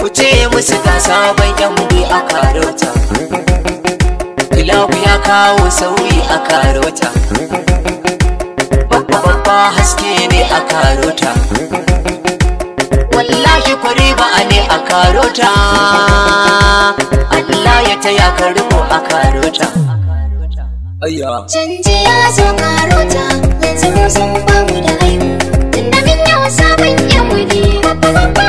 ku ce musu ga sabon yan bi a karota kilabu ya kawo sauyi a karota babba babba haske ne a karota wallahi kwari ba a ne a karota Allah ya taya ka a karota Ayya. Canji ya zo karota yanzu sun bamu tunda sabon babba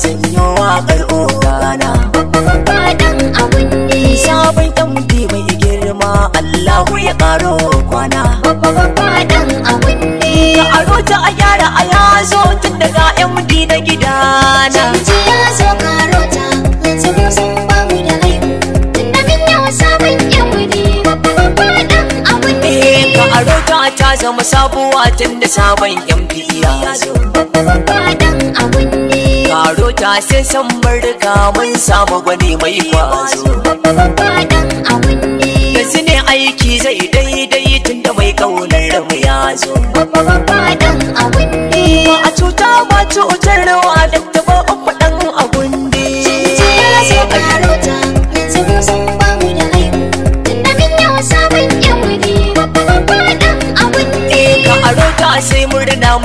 sanyo yi waƙar ogana Baɗan abin ne Sabon tambi mai girma Allahu ya ƙaro kwana Baɗan abin ne Ka aro ta a yara a yazo tun daga yan mudi na gidana zo ba da zama sabuwa tun da sabon yan biya abin ne taro ta sai san barka mun samu gwani mai kwazo da ne aiki zai daidai tun da mai kaunar mu ya zo ba a cuta ba cutarwa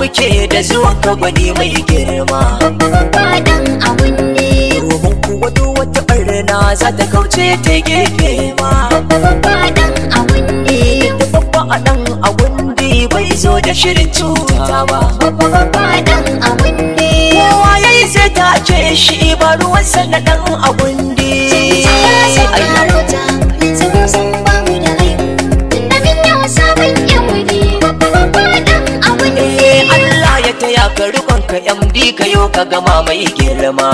kuke da zuwan ka gwani mai girma Badan abun ne Domin kuwa wato wata ɓarna za ta kauce ta gefe ma Badan abun ne Da babba a ɗan abun ne bai zo da shirin cuta ba Badan abun ne Kowa ya yi sai ta ce shi ba ruwansa na ɗan abun ne Sai ta ka MD ka yo ka gama mai girma.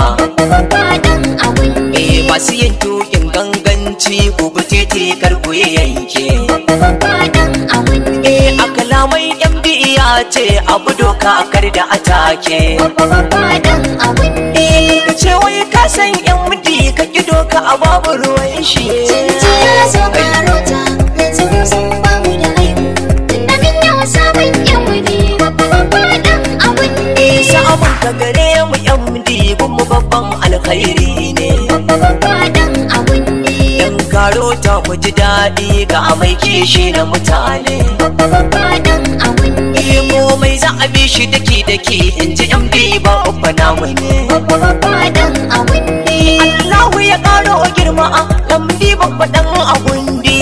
Eh masu yin tukin ganganci ku butete kar ku yanke. Eh a kalaman MD ya ce abu doka kar da atake. Eh ka ce wai ka san MD ka kido ka a babu ruwan shi. Cinciya zo taro ta kuji ji daɗi ga mai kishi na mutane. Faɗin abun ne. mai za a bi shi daki daki in ji yan ba uba na wani. abun ne. Allahu ya karo a girma a lambi babba ɗan abun ne.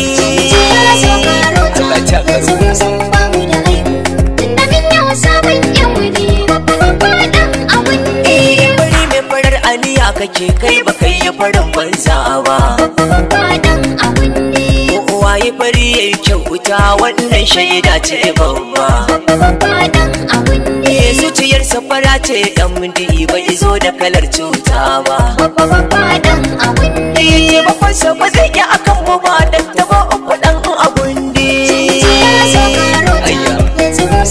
Allah ta kake kai baka yi farin banza ba bari ya yi kyauta wannan shaida ce babba Eh ciyar safara ce dan mundi bai zo da kalar cuta ba Eh bakwansa ba zai akan mu uku dan abun Yanzu ba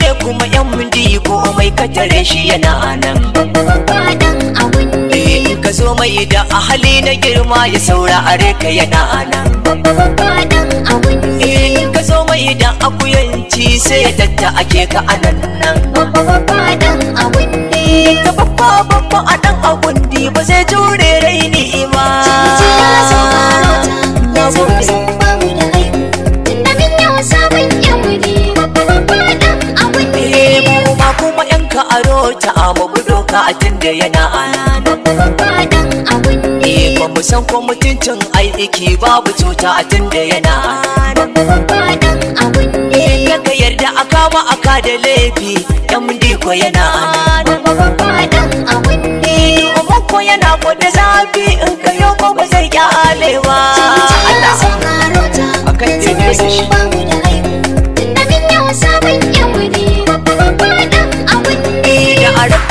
da kuma yan mindi ko mai katare shi yana nan. so mai da ahali na girma ya saura a reka yana ana eh, ka zo mai da akuyanci sai ya tatta ake ka anan nan ka eh, babba babba a dan agundi ba zai jure rai eh, ma ba ka a rota a mabudo ka a tun yana ana mu san ko mutuncin aiki babu cuta a tunda yana Idan ka yarda a kama a ka da laifi dan diko yana ko yana ko da zafi in ka yau ko ba zai kyale ba Allah Akan jirgin shi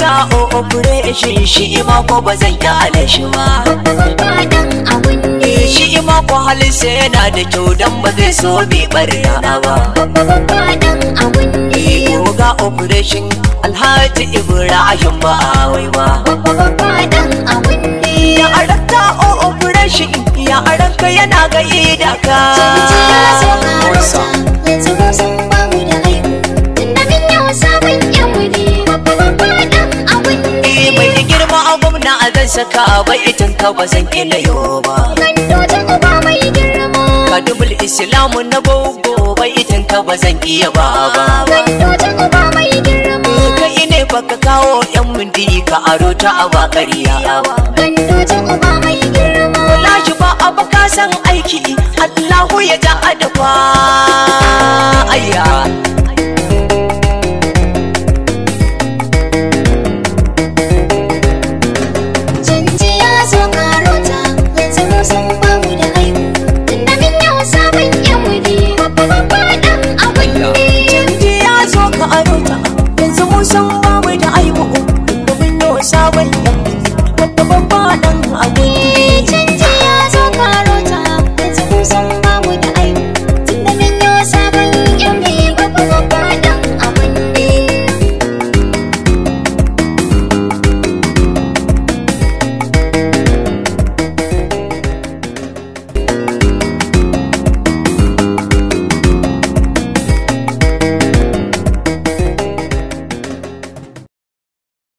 sa o operation shi ma ko ba zan ale shi ba shi ma ko halisa yana da kyau dan ba zai so bi barna ba ga shi alhaji ibrahim ba wai ba ya arata o oh, shi ya aranka yana ga idaka Yanzu ba zan saka bai itin ka ba zan ki na yo ba gandojin uba mai girma ka dubul islamu na gogo bai itin ka ba zan ki ya ba ba gandojin uba mai girma ka ine baka kawo yan mundi ka aro ta aba kariya gandojin uba mai girma lashi ba abu ka san aiki Allahu ya ja adafa ayya